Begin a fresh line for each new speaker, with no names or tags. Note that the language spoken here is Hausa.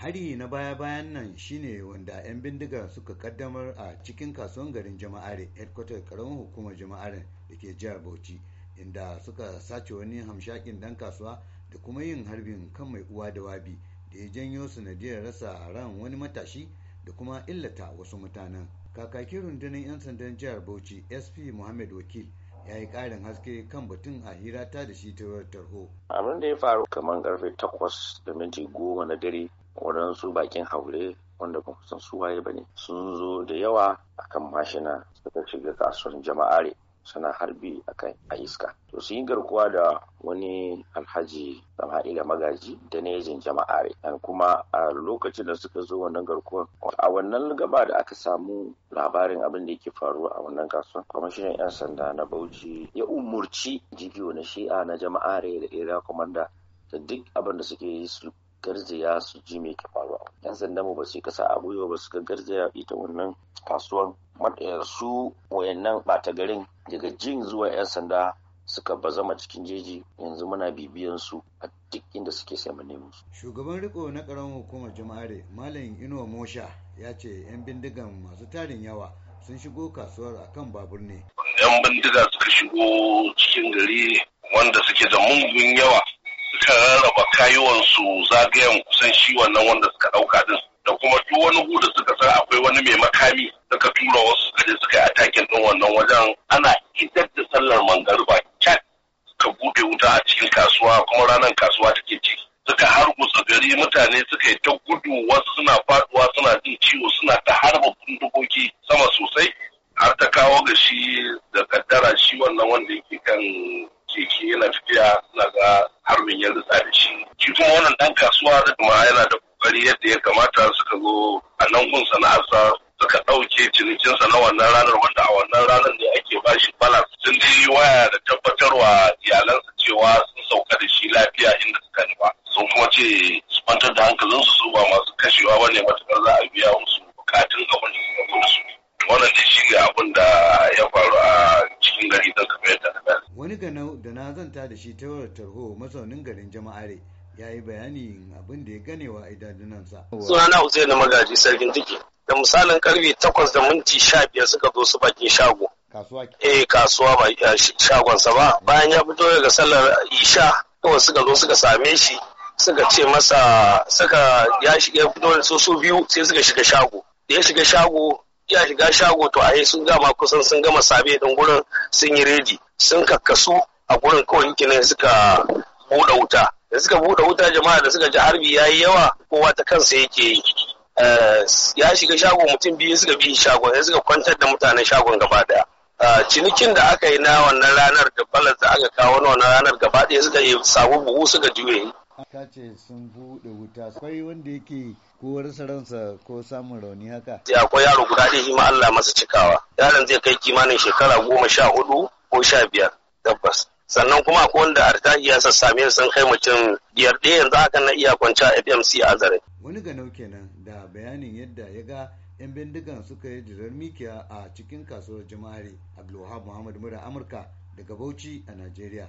hari na baya-bayan nan shine wanda 'yan bindiga suka kaddamar a cikin kasuwan garin jama'are headquarter karamin hukumar jama'aren da ke jihar bauchi inda suka sace wani hamshakin dan kasuwa da kuma yin harbin kan mai uwa da wabi da ya janyo sanadiyar rasa ran wani matashi da kuma illata wasu mutanen kakakin rundunar 'yan sandan jihar bauchi sp muhammad wakil ya yi ƙarin haske kan batun a hirata da shi ta
tarho. abin da ya faru kamar karfe takwas da minti goma na dare waɗansu bakin haure wanda ba san su waye ba ne sun zo da yawa akan mashina suka shiga kasuwar jama'are suna harbi akan a iska to sun yi garkuwa da wani alhaji sama'ila magaji da nejin jama'are dan kuma a lokacin da suka zo wannan garkuwar a wannan gaba da aka samu labarin abin da yake faruwa a wannan kasuwar kwamishinan yan sanda na bauchi ya umurci jigiyo na shi'a na jama'are da area commander da duk abin da suke yi su garzaya su ji mai ke faruwa yan sanda mu ba su kasa a gwiwa ba su ga garzaya ita wannan kasuwan su wayannan bata garin daga jin zuwa yan sanda suka bazama cikin jeji yanzu muna bibiyan su a duk inda suke sai mu nemo su.
Shugaban riko na karamin hukumar jama'are Malam Inuwa Mosha ya ce 'yan bindigan masu tarin yawa sun shigo kasuwar akan babur ne.
'Yan bindiga suka shigo cikin gari wanda suke da mungun yawa kan rarraba kayuwansu zagayen kusan shi wannan wanda suka ɗauka din da kuma duk wani hu da suka san akwai wani mai makami suka tura wasu suka je suka yi atakin ɗin wannan wajen ana idar da sallar mangariba cat suka buɗe wuta a cikin kasuwa kuma ranar kasuwa take ci suka hargutsa gari mutane suka yi ta gudu wasu suna faduwa suna jin ciwo suna ta harba bindigogi sama sosai har ta kawo ga shi da kaddara shi wannan wanda yake kan keke yana tafiya na ga harbin ya ritsa da shi shi kuma wannan dan kasuwa da kuma yana da kokari yadda ya kamata suka zo a nan kun sana'arsa suka ɗauke cinikinsa na wannan ranar wanda a wannan ranar ne ake ba shi balance sun yi waya da tabbatarwa iyalansa cewa sun sauka da shi lafiya inda suka nufa sun kuma ce su kwantar da hankalinsu su ba masu kashewa ba ne matuƙar za a biya musu
ganau da na zanta da shi ta tarho mazaunin garin jama'are ya yi bayanin abin da ya ganewa idanunansa. sunana na magaji
sarkin jiki da misalin karfe takwas da minti sha biyar suka zo su bakin shago eh kasuwa ba shagonsa ba bayan ya fito daga sallar isha kawai suka zo suka same shi suka ce masa suka ya shiga fito da su biyu sai suka shiga shago da ya shiga shago ya shiga shago to a sun gama kusan sun gama sabe din gurin sun yi redi sun kakkasu a gurin kawai ne suka buɗe wuta da suka buɗe wuta jama'a da suka ji harbi ya yi yawa kowa ta kansa yake yi eh, ya shiga shago mutum biyu suka bi shago, sai suka kwantar da mutanen shagon gaba daya eh, cinikin da aka yi na wannan ranar da balas da aka kawo na wannan ranar gaba ɗaya suka yi sabu buhu suka juye ta ce sun buɗe
wuta akwai wanda yake ko rasa ransa ko samun rauni haka
sai akwai yaro guda ɗaya shi ma Allah masa cikawa yaron zai kai kimanin shekara goma sha hudu ko sha biyar tabbas sannan kuma akwai wanda a ta iya sun kai mutum biyar ɗaya yanzu haka na iya kwanci a fmc zare
wani nauke kenan da bayanin yadda ya ga yan bindigan suka yi jirar mikiya a cikin kasuwar jama'ari abdulwahab muhammad mura amurka daga bauchi a najeriya